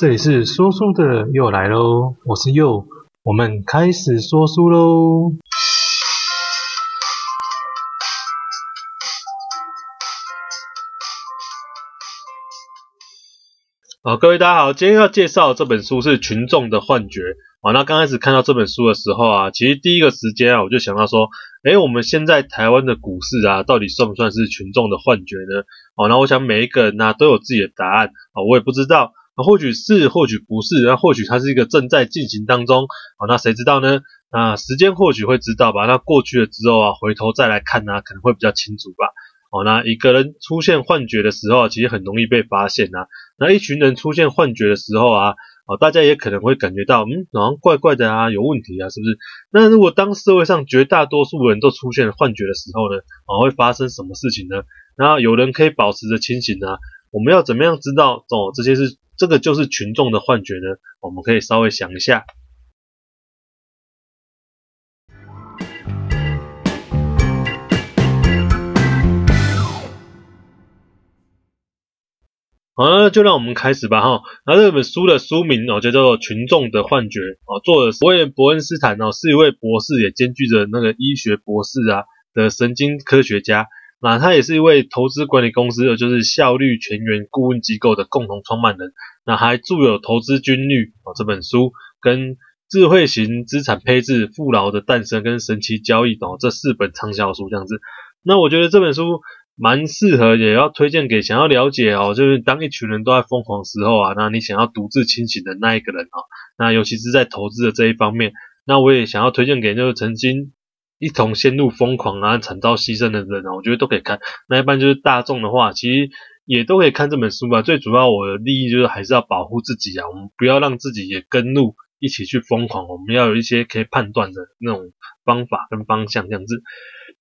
這裡是說書的又來嘍，我是佑，我們開始說書嘍。好，各位大家好，今天要介紹的這本書是《群眾的幻覺》。好，啊，那剛開始看到這本書的時候啊，其實第一個時間啊，我就想到說，哎，我們現在台灣的股市啊，到底算不算是群眾的幻覺呢？好，啊，那我想每一個人啊，都有自己的答案啊，我也不知道。或許是，或許不是，那或許它是一個正在進行當中，好，那誰知道呢？那時間或許會知道吧。那過去了之後啊，回頭再來看呢、啊，可能會比較清楚吧。好，那一個人出現幻覺的時候，其實很容易被發現啊。那一群人出現幻覺的時候啊，好，大家也可能會感覺到，嗯，好像怪怪的啊，有問題啊，是不是？那如果當社會上絕大多數人都出現幻覺的時候呢，啊，會發生什麼事情呢？那有人可以保持着清醒呢、啊？我們要怎麼樣知道哦？這些是。這個就是群眾的幻覺呢，我們可以稍微想一下。好了，那就讓我們開始吧，哈。那這本書的書名哦，就叫做《群眾的幻覺》哦。作者是伯恩斯坦，是一位博士，也兼具着那個醫學博士啊的神經科學家。那、啊、他也是一位投資管理公司，也就是效率全員顧問機構的共同創辦人，那還著有《投資軍律》哦，這本書，跟《智慧型資產配置富饒的誕生》跟《神奇交易》等、哦、這四本暢銷書這樣子。那我覺得這本書蠻適合，也要推薦給想要了解哦，就是當一群人都在瘋狂時候啊，那你想要獨自清醒的那一個人啊，那尤其是在投資的這一方面，那我也想要推薦給就是曾經。一同陷入瘋狂啊，慘遭犧牲的人啊，我覺得都可以看。那一般就是大眾的話，其實也都可以看這本書吧。最主要我的利益就是還是要保護自己啊，我們不要讓自己也跟路一起去瘋狂。我們要有一些可以判斷的那種方法跟方向，這樣子。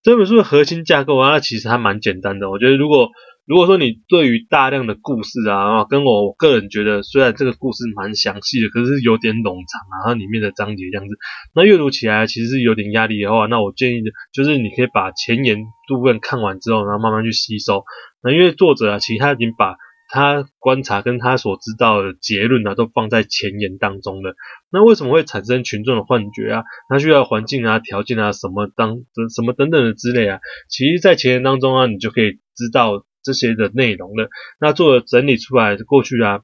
這本書的核心架構啊，那其實還蠻簡單的。我覺得如果如果說你對於大量的故事啊，跟我，我個人覺得，雖然這個故事蠻詳細的，可是有點冗長啊，它裡面的章節這樣子，那閱讀起來其實是有點壓力的話，那我建議就是你可以把前言部分看完之後，然後慢慢去吸收。那因為作者啊，其實他已經把他觀察跟他所知道的結論啊，都放在前言當中了。那為什麼會產生群眾的幻覺啊？那需要環境啊、條件啊什麼當什麼等等的之類啊，其實在前言當中啊，你就可以知道。這些的內容的，那做了整理出來，過去啊，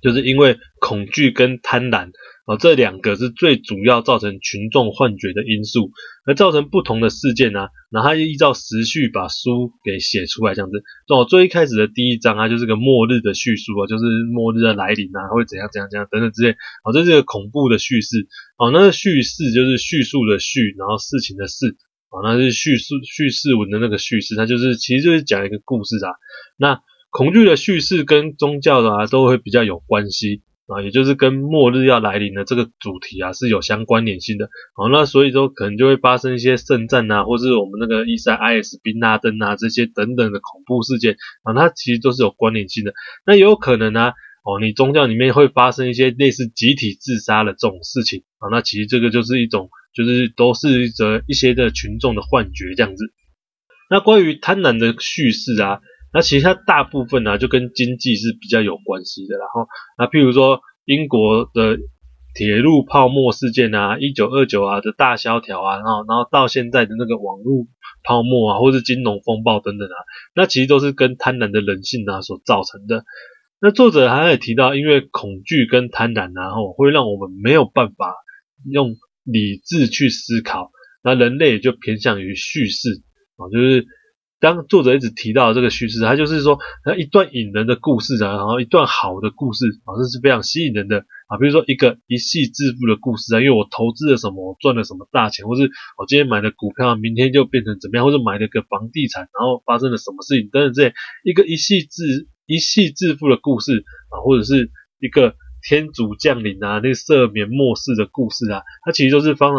就是因為恐懼跟貪婪啊、哦，這兩個是最主要造成群眾幻覺的因素，而造成不同的事件呢、啊，然後他就依照時序把書給寫出來，這樣子，哦，最一開始的第一章啊，就是個末日的敘述啊，就是末日的來臨啊，會怎樣怎樣怎樣等等之類，哦，這是個恐怖的敘事，哦，那敘事就是敘述的敘，然後事情的事。哦，那是敘事敘事文的那個敘事，它就是其實就是講一個故事啊。那恐懼的敘事跟宗教的啊都會比較有關係啊，也就是跟末日要來臨的這個主題啊是有相關聯性的。好，那所以說可能就會發生一些聖戰啊，或是我們那個伊賽 IS 賓拉登啊這些等等的恐怖事件啊，它其實都是有關聯性的。那也有可能呢、啊，哦，你宗教裡面會發生一些類似集體自殺的這種事情啊，那其實這個就是一種。就是都是這一些的群眾的幻覺這樣子。那關於貪婪的敘事啊，那其實它大部分呢、啊、就跟經濟是比較有關係的。然後，那譬如說英國的鐵路泡沫事件啊，一九二九啊的大蕭條啊，然後然後到現在的那個網絡泡沫啊，或是金融風暴等等啊，那其實都是跟貪婪的人性啊所造成的。那作者還有提到，因為恐懼跟貪婪、啊，然後會讓我們沒有辦法用。理智去思考，那人類也就偏向於敘事啊，就是當作者一直提到這個敘事，他就是說，那一段引人的故事啊，然後一段好的故事，好像是非常吸引人的啊，比如說一個一夕致富的故事啊，因為我投資了什麼，我賺了什麼大錢，或是我今天買了股票，明天就變成怎麼樣，或者買了個房地產，然後發生了什麼事情，等等這些，一個一夕致，一夕致富的故事啊，或者是一個。天主降臨啊，那赦、個、免末世的故事啊，它其實都是非常，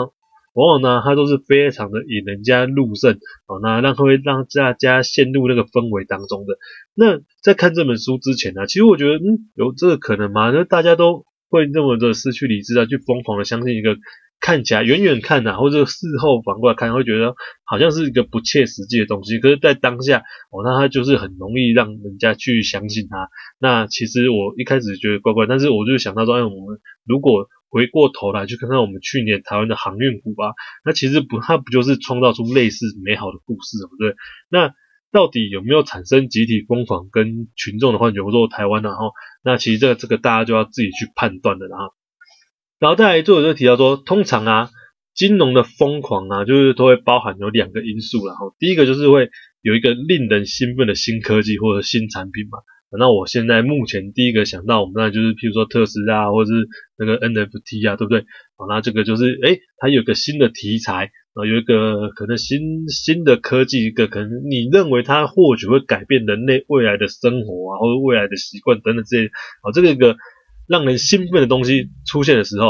往往呢，它都是非常的引人家入勝，哦，那讓會讓大家陷入那個氛圍當中的。那在看這本書之前呢、啊，其實我覺得，嗯，有這個可能嗎？那大家都會那麼的失去理智啊，去瘋狂的相信一個。看起來遠遠看吶、啊，或者事後反過來看，會覺得好像是一個不切實際的東西。可是，在當下哦，那它就是很容易讓人家去相信它。那其實我一開始覺得怪怪，但是我就想到說，哎，我們如果回過頭來去看看我們去年台灣的航運股吧，那其實不，它不就是創造出類似美好的故事，對不對？那到底有沒有產生集體瘋狂跟群眾的幻覺做台灣、啊，或台灣然哈？那其實這個這個大家就要自己去判斷的，哈。然後再來，作者就提到說，通常啊，金融的瘋狂啊，就是都會包含有兩個因素啦。然後第一個就是會有一個令人興奮的新科技或者新產品嘛。那我現在目前第一個想到我們那就是，譬如說特斯拉或者是那個 NFT 啊，對不對？那這個就是，誒，它有個新的題材啊，然後有一個可能新新的科技，一個可能你認為它或許會改變人類未來的生活啊，或者未來的習慣等等這些。好，這個。個讓人興奮的東西出現的時候，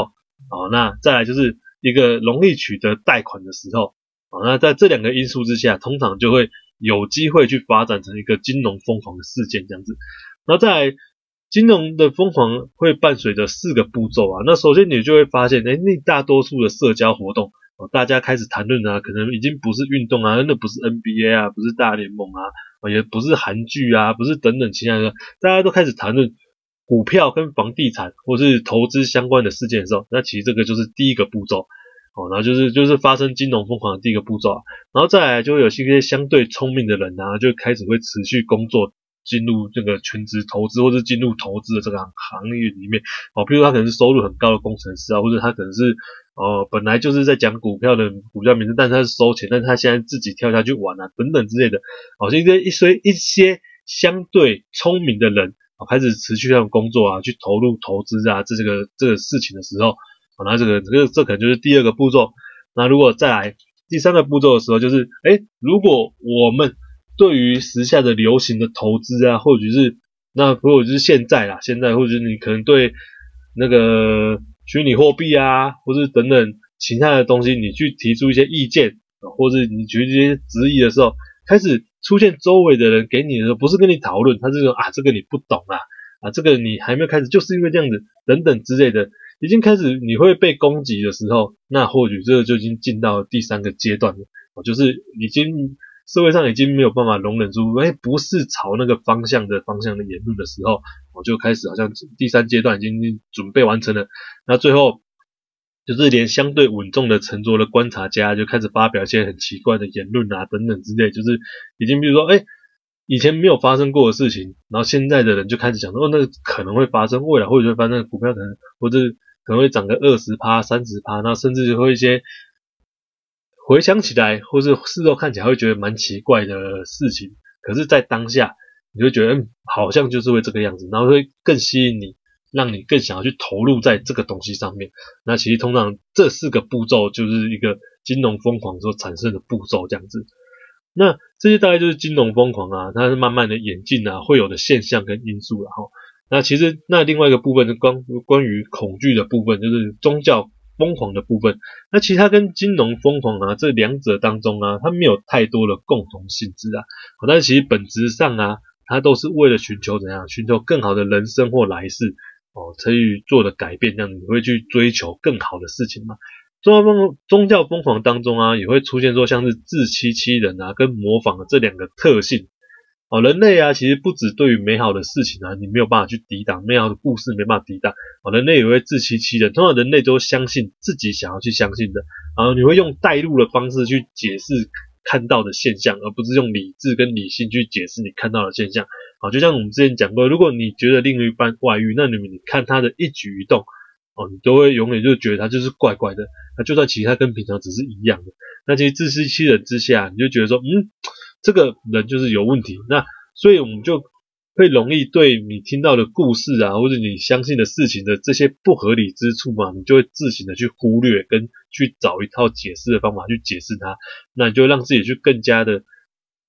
哦，那再來就是一個容易取得貸款的時候，啊，那在這兩個因素之下，通常就會有機會去發展成一個金融瘋狂的事件，這樣子。那再來，金融的瘋狂會伴隨着四個步驟啊。那首先你就會發現，誒，那大多數的社交活動，哦，大家開始談論的，啊，可能已經不是運動啊，那不是 NBA 啊，不是大聯盟啊，也不是韓劇啊，不是等等其他的，大家都開始談論。股票跟房地產或是投資相關的事件的時候，那其實這個就是第一個步驟哦，然後就是就是發生金融瘋狂的第一個步驟啊，然後再來就會有些一些相對聰明的人啊，就開始會持續工作，進入這個全職投資或是進入投資的這個行業裡面哦，譬如他可能是收入很高的工程師啊，或者他可能是哦、呃、本來就是在講股票的股票名字，但是他是收錢，但是他現在自己跳下去玩啊等等之類的哦，像這一些一些相對聰明的人。開始持續這樣工作啊，去投入投資啊，這這個這個事情的時候，啊、那這個這個這可能就是第二個步驟。那如果再來第三個步驟的時候，就是哎，如果我們對於時下的流行的投資啊，或者是那，或者就是現在啦，現在或者是你可能對那個虛擬貨幣啊，或是等等其他的東西，你去提出一些意見，啊、或是你舉一些質疑的時候。開始出現周圍的人給你的時候，不是跟你討論，他是說啊，這個你不懂啊，啊，這個你還沒有開始，就是因為這樣子，等等之類的，已經開始你會被攻擊的時候，那或許這個就已經進到第三個階段了，就是已經社會上已經沒有辦法容忍出，哎，不是朝那個方向的方向的言論的時候，我就開始好像第三階段已經準備完成了，那最後。就是連相對穩重的沉着的觀察家就開始發表一些很奇怪的言論啊等等之類，就是已經比如說哎、欸、以前沒有發生過的事情，然後現在的人就開始想說哦，那可能會發生未來，或者會發生股票可能或者可能會漲個二十趴三十趴，那甚至就會一些回想起來或是事後看起來會覺得蠻奇怪的事情，可是，在當下你就覺得、嗯、好像就是會這個樣子，然後會更吸引你。讓你更想要去投入在這個東西上面，那其實通常這四個步驟就是一個金融瘋狂所產生的步驟這樣子。那這些大概就是金融瘋狂啊，它是慢慢的演進啊，會有的現象跟因素了、啊、哈。那其實那另外一個部分是關關於恐懼的部分，就是宗教瘋狂的部分。那其實它跟金融瘋狂啊，這兩者當中啊，它沒有太多的共同性質啊。好，但是其實本質上啊，它都是為了尋求怎樣、啊，尋求更好的人生或來世。哦，成與做的改變，這樣你會去追求更好的事情嗎？宗教瘋宗教瘋狂當中啊，也會出現說像是自欺欺人啊，跟模仿的這兩個特性。哦，人類啊，其實不止對於美好的事情啊，你沒有辦法去抵擋，美好的故事沒辦法抵擋。哦，人類也會自欺欺人，通常人類都相信自己想要去相信的，然後你會用帶入的方式去解釋看到的現象，而不是用理智跟理性去解釋你看到的現象。好，就像我們之前講過，如果你覺得另一半外遇，那你你看他的一舉一動，哦，你都會永遠就覺得他就是怪怪的。那就算其實他跟平常只是一樣的，那其實自欺欺人之下，你就覺得說，嗯，這個人就是有問題。那所以我們就。會容易對你聽到的故事啊，或者你相信的事情的這些不合理之處嘛，你就會自行的去忽略，跟去找一套解釋的方法去解釋它。那你就會讓自己去更加的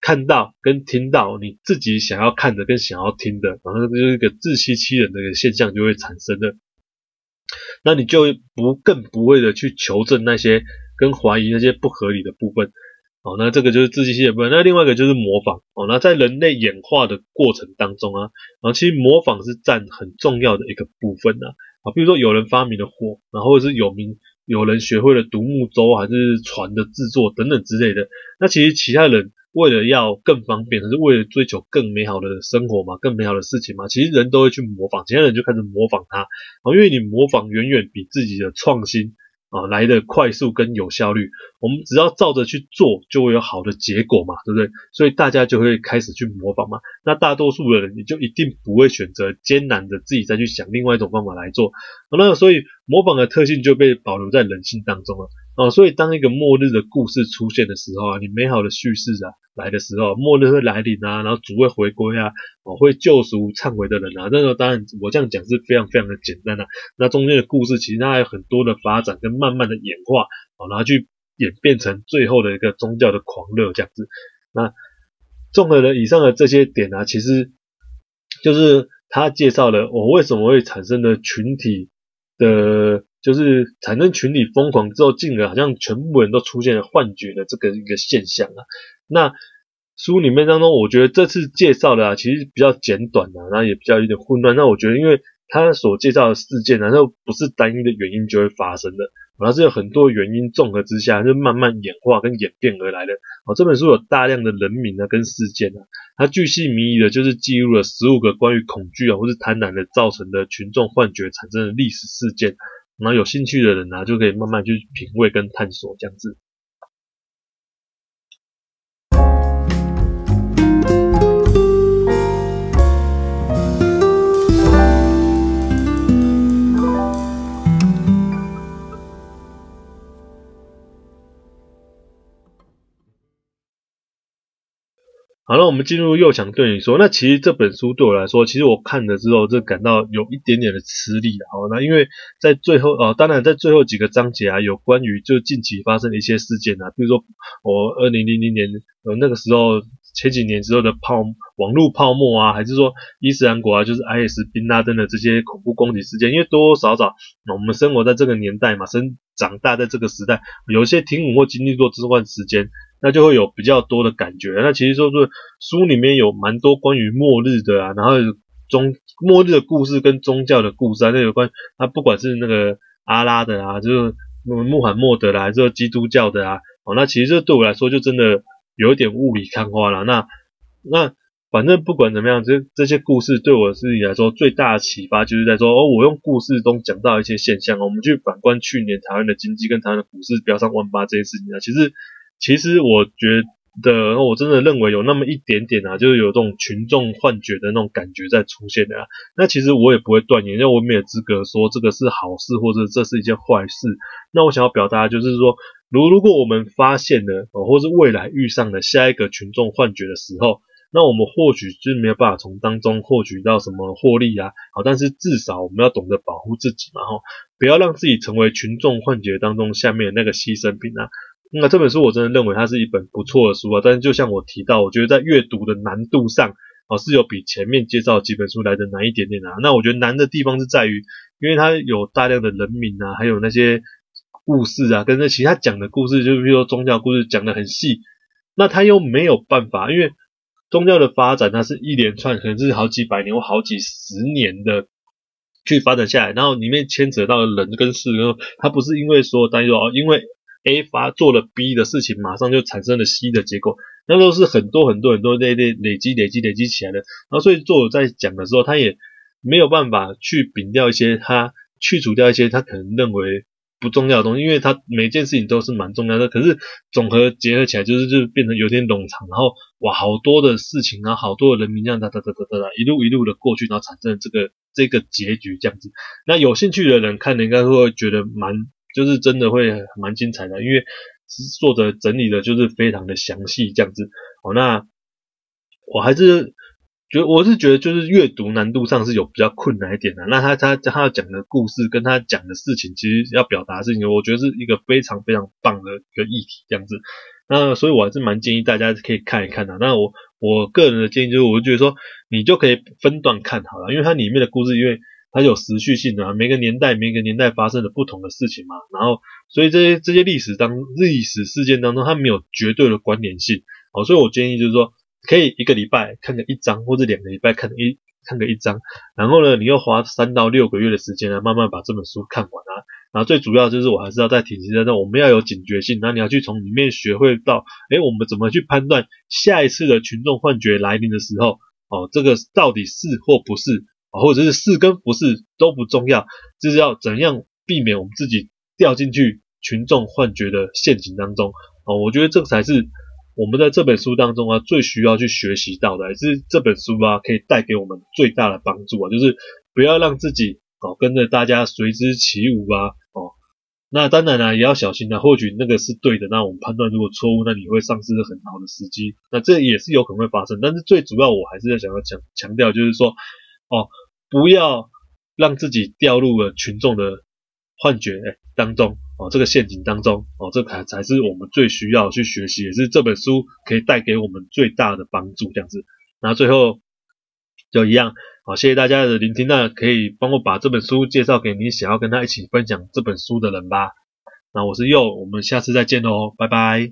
看到跟聽到你自己想要看的跟想要聽的，然後就是一個自欺欺人的一個現象就會產生了。那你就不更不會的去求證那些跟懷疑那些不合理的部分。好、哦，那這個就是自信心的部分。那另外一個就是模仿。哦，那在人類演化的過程當中啊，啊，其實模仿是占很重要的一個部分啊。啊，比如說有人發明了火，然後是有名，有人學會了獨木舟還是船的制作等等之類的。那其實其他人為了要更方便，還是為了追求更美好的生活嘛，更美好的事情嘛，其實人都會去模仿，其他人就開始模仿他。啊，因為你模仿遠遠比自己的創新，啊，來的快速跟有效率，我們只要照着去做，就會有好的結果嘛，對不對？所以大家就會開始去模仿嘛。那大多數的人，你就一定不會選擇艱難的自己再去想另外一種方法來做。那所以模仿的特性就被保留在人性當中了。哦，所以當一個末日的故事出現的時候啊，你美好的敘事啊來的時候，末日會來臨啊，然後主會回歸啊，哦，會救贖懺悔的人啊，那個當然我這樣講是非常非常的簡單的、啊，那中間的故事其實它還有很多的發展跟慢慢的演化，哦，然後去演變成最後的一個宗教的狂熱這樣子。那綜合的以上的這些點啊，其實就是他介紹了我、哦、為什麼會產生的群體的。就是產生群體瘋狂之後，進而好像全部人都出現了幻覺的這個一個現象啊。那書裡面當中，我覺得這次介紹的啊，其實比較簡短啊，然後也比較有點混亂。那我覺得，因為他所介紹的事件呢、啊，又不是單一的原因就會發生的，而、啊、是有很多原因綜合之下，就慢慢演化跟演變而來的。哦、啊，這本書有大量的人名啊跟事件啊，它巨細靡遺的就是記錄了十五個關於恐懼啊或是貪婪的造成的群眾幻覺產生的歷史事件。然後有興趣的人呢啊，就可以慢慢去品味跟探索這樣子。好了，那我們進入佑想對你說。那其實這本書對我來說，其實我看了之後，就感到有一點點的吃力啊。好、哦，那因為在最後哦，當然在最後幾個章節啊，有關於就近期發生的一些事件啊，比如說我二零零零年、哦，那個時候前幾年之後的泡網絡泡沫啊，還是說伊斯蘭國啊，就是 IS 賓拉登的這些恐怖攻擊事件，因為多多少少、嗯、我們生活在這個年代嘛，生長大在這個時代，有一些聽聞或經歷過這段時間。那就會有比較多的感覺。那其實說說書裡面有蠻多關於末日的啊，然後有宗末日的故事跟宗教的故事啊，那有關。那不管是那個阿拉的啊，就是穆罕默德啦，啊，還是基督教的啊，哦、那其實這對我來說，就真的有一點霧裡看花了。那那反正不管怎麼樣，這這些故事對我自己來說最大的啟發，就是在說哦，我用故事中講到一些現象，我們去反觀去年台灣的經濟跟台灣的股市飆上萬八這些事情啊，其實。其實我覺得，我真的認為有那麼一點點啊，就是有這種群眾幻覺的那種感覺在出現的啊。那其實我也不會斷言，因為我沒有資格說這個是好事或者這是一件壞事。那我想要表達就是說，如如果我們發現了，或是未來遇上了下一個群眾幻覺的時候，那我們或許就沒有辦法從當中獲取到什麼獲利啊。好，但是至少我們要懂得保護自己嘛，吼，不要讓自己成為群眾幻覺當中下面的那個犧牲品啊。那、嗯、這本書我真的認為它是一本不錯的書啊，但是就像我提到，我覺得在閱讀的難度上啊、哦、是有比前面介紹的幾本書來得難一點點啊。那我覺得難的地方是在於，因為它有大量的人名啊，還有那些故事啊，跟那其他講的故事，就譬、是、如說宗教故事講得很細，那它又沒有辦法，因為宗教的發展，它是一連串可能是好幾百年或好幾十年的去發展下來，然後裡面牽扯到的人跟事，然它不是因為說單說哦因為。A 發做了 B 的事情，馬上就產生了 C 的結果，那都是很多很多很多累累累積累積累積起來的。然後所以作者在講的時候，他也沒有辦法去摒掉一些，他去除掉一些他可能認為不重要的東西，因為他每件事情都是蠻重要的。可是總和結合起來，就是就變成有點冗長。然後哇，好多的事情，啊，好多人民這樣噠噠噠噠噠噠一路一路的過去，然後產生了這個這個結局這樣子。那有興趣的人看，應該會覺得蠻。就是真的會蠻精彩的，因為作者整理的就是非常的詳細這樣子。哦，那我還是覺得我是覺得就是閱讀難度上是有比較困難一點的啊。那他他他要講的故事跟他講的事情，其實要表達的事情，我覺得是一個非常非常棒的一個議題這樣子。那所以我還是蠻建議大家可以看一看的啊。那我我個人的建議就是，我就覺得說你就可以分段看好了，因為它裡面的故事因為。它有時序性的。啊，每個年代，每個年代發生的不同的事情嘛，然後，所以這些這些歷史當歷史事件當中，它沒有絕對的關聯性，哦，所以我建議就是說，可以一個禮拜看個一章，或者兩個禮拜看一看個一章，然後呢，你又花三到六個月的時間來慢慢把這本書看完啊，然後最主要就是我還是要在提醒在那，我們要有警覺性，那你要去從裡面學會到，哎，我們怎麼去判斷下一次的群眾幻覺來臨的時候，哦，這個到底是或不是？或者是是跟不是都不重要，就是要怎樣避免我們自己掉進去群眾幻覺的陷阱當中啊、哦？我覺得這才是我們在這本書當中啊最需要去學習到的，還是這本書啊可以帶給我們最大的幫助啊，就是不要讓自己哦跟着大家隨之起舞啊哦。那當然呢、啊、也要小心啊，或許那個是對的，那我們判斷如果錯誤，那你會喪失很好的時機，那這也是有可能會發生。但是最主要我還是要想要強強調，就是說哦。不要讓自己掉入了群眾的幻覺哎當中哦，這個陷阱當中哦，這才才是我們最需要去學習，也是這本書可以帶給我們最大的幫助這樣子。那最後就一樣好，謝謝大家的聆聽。那可以幫我把這本書介紹給你想要跟他一起分享這本書的人吧。那我是佑，我們下次再見咯，拜拜。